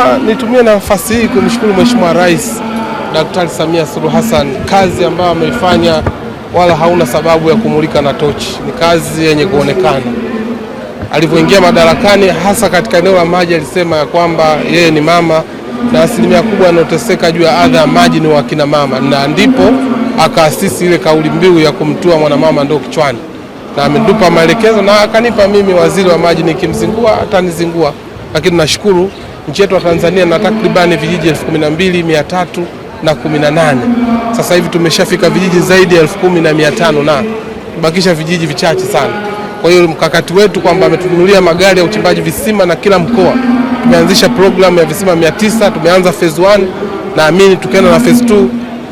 Kwanza nitumie nafasi hii kumshukuru Mheshimiwa Rais Daktari Samia Suluhu Hassan, kazi ambayo ameifanya wala hauna sababu ya kumulika na tochi, ni kazi yenye kuonekana. Alivyoingia madarakani, hasa katika eneo la maji, alisema ya kwamba yeye ni mama na asilimia kubwa anaoteseka juu ya adha ya maji ni wakina mama, na ndipo akaasisi ile kauli mbiu ya kumtua mwanamama ndo kichwani, na ametupa maelekezo na akanipa mimi waziri wa maji, nikimzingua atanizingua, lakini nashukuru Nchi yetu ya Tanzania na takriban vijiji elfu kumi na mbili mia tatu na kumi na nane. Sasa hivi tumeshafika vijiji zaidi ya elfu kumi na mia tano na kubakisha vijiji vichache sana. Kwa hiyo mkakati wetu kwamba ametununulia magari ya uchimbaji visima na kila mkoa tumeanzisha programu ya visima mia tisa. Tumeanza phase 1 naamini tukienda na phase 2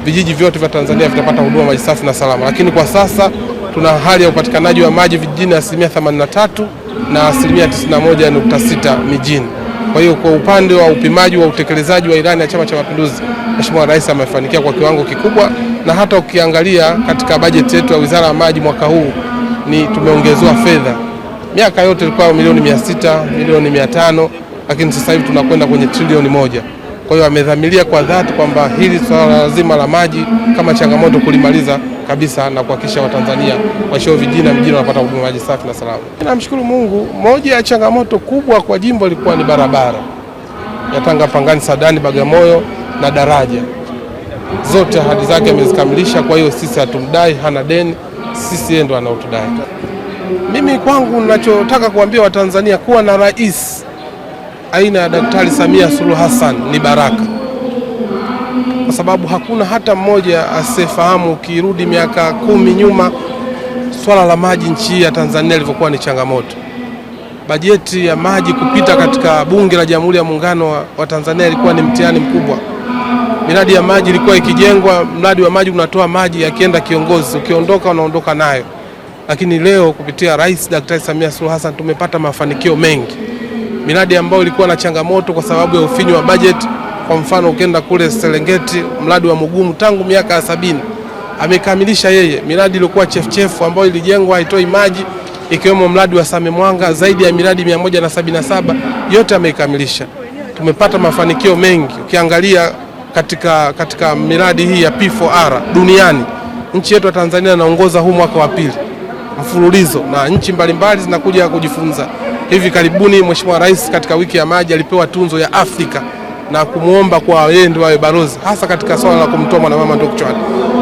vijiji vyote vya Tanzania vitapata huduma maji safi na salama, lakini kwa sasa tuna hali ya upatikanaji wa maji vijijini asilimia 83 na asilimia 91.6 mijini. Kwa hiyo kwa upande wa upimaji wa utekelezaji wa ilani ya Chama cha Mapinduzi, Mheshimiwa Rais amefanikiwa kwa kiwango kikubwa, na hata ukiangalia katika bajeti yetu ya Wizara ya Maji mwaka huu ni tumeongezewa fedha. Miaka yote ilikuwa milioni mia sita, milioni mia tano, lakini sasa hivi tunakwenda kwenye trilioni moja. Kwa hiyo amedhamiria kwa dhati kwamba hili swala lazima la maji kama changamoto kulimaliza kabisa na kuhakikisha Watanzania waishio vijijini na mjini wanapata huduma maji safi na salama. Namshukuru Mungu, moja ya changamoto kubwa kwa jimbo ilikuwa ni barabara ya Tanga Pangani, Sadani, Bagamoyo na daraja zote ahadi zake amezikamilisha. Kwa hiyo sisi hatumdai, hana deni, sisi yeye ndo anaotudai. Mimi kwangu ninachotaka kuambia Watanzania kuwa na rais aina ya Daktari Samia Suluhu Hassan ni baraka, kwa sababu hakuna hata mmoja asiyefahamu. Ukirudi miaka kumi nyuma, swala la maji nchi hii ya Tanzania lilivyokuwa ni changamoto. Bajeti ya maji kupita katika Bunge la Jamhuri ya Muungano wa, Tanzania ilikuwa ni mtihani mkubwa. Miradi ya maji ilikuwa ikijengwa, mradi wa maji unatoa maji, akienda kiongozi, ukiondoka unaondoka nayo. Lakini leo kupitia Rais Daktari Samia Suluhu Hassan tumepata mafanikio mengi miradi ambayo ilikuwa na changamoto kwa sababu ya ufinyu wa bajeti. Kwa mfano ukienda kule Serengeti, mradi wa Mugumu tangu miaka ya sabini amekamilisha yeye. Miradi iliyokuwa chefuchefu ambayo ilijengwa haitoi maji ikiwemo mradi wa Same Mwanga, zaidi ya miradi 177 yote ameikamilisha. Tumepata mafanikio mengi ukiangalia katika, katika miradi hii ya P4R duniani, nchi yetu ya Tanzania inaongoza huu mwaka wa pili mfululizo na nchi mbalimbali zinakuja kujifunza. Hivi karibuni Mheshimiwa Rais katika wiki ya maji alipewa tunzo ya Afrika na kumwomba kwa yeye ndio awe balozi hasa katika swala la kumtoa mwanamama ndoo kichwani.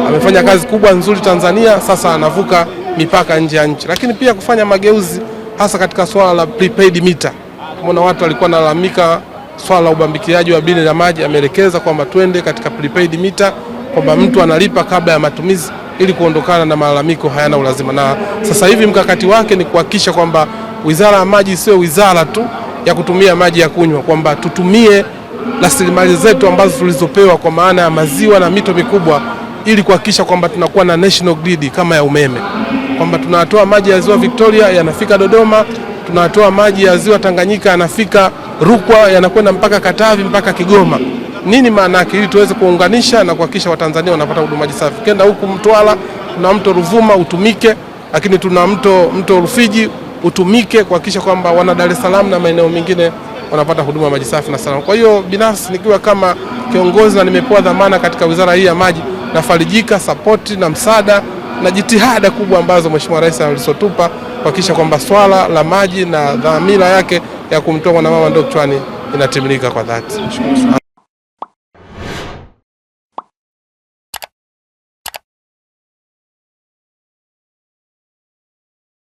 Amefanya kazi kubwa nzuri Tanzania, sasa anavuka mipaka nje ya nchi, lakini pia kufanya mageuzi hasa katika swala la prepaid meter. Mbona watu walikuwa nalalamika swala la ubambikiaji wa bili la maji, ameelekeza kwamba twende katika prepaid meter, kwamba mtu analipa kabla ya matumizi ili kuondokana na malalamiko hayana ulazima. Na sasa hivi mkakati wake ni kuhakikisha kwamba Wizara ya maji sio wizara tu ya kutumia maji ya kunywa, kwamba tutumie rasilimali zetu ambazo tulizopewa kwa maana ya maziwa na mito mikubwa, ili kuhakikisha kwamba tunakuwa na national grid kama ya umeme, kwamba tunatoa maji ya ziwa Victoria yanafika Dodoma, tunatoa maji ya ziwa Tanganyika yanafika Rukwa, yanakwenda mpaka Katavi mpaka Kigoma. Nini maana yake? Ili tuweze kuunganisha na kuhakikisha Watanzania wanapata huduma maji safi. Kenda huku Mtwara, tuna mto Ruvuma utumike, lakini tuna mto mto Rufiji utumike kuhakikisha kwamba wana Dar es Salaam na maeneo mengine wanapata huduma ya maji safi na salama. Kwa hiyo binafsi nikiwa kama kiongozi na nimepewa dhamana katika wizara hii ya maji, nafarijika sapoti na msaada na jitihada kubwa ambazo Mheshimiwa Rais alizotupa kuhakikisha kwamba swala la maji na dhamira yake ya kumtoa mwanamama ndoo kichwani inatimilika kwa dhati.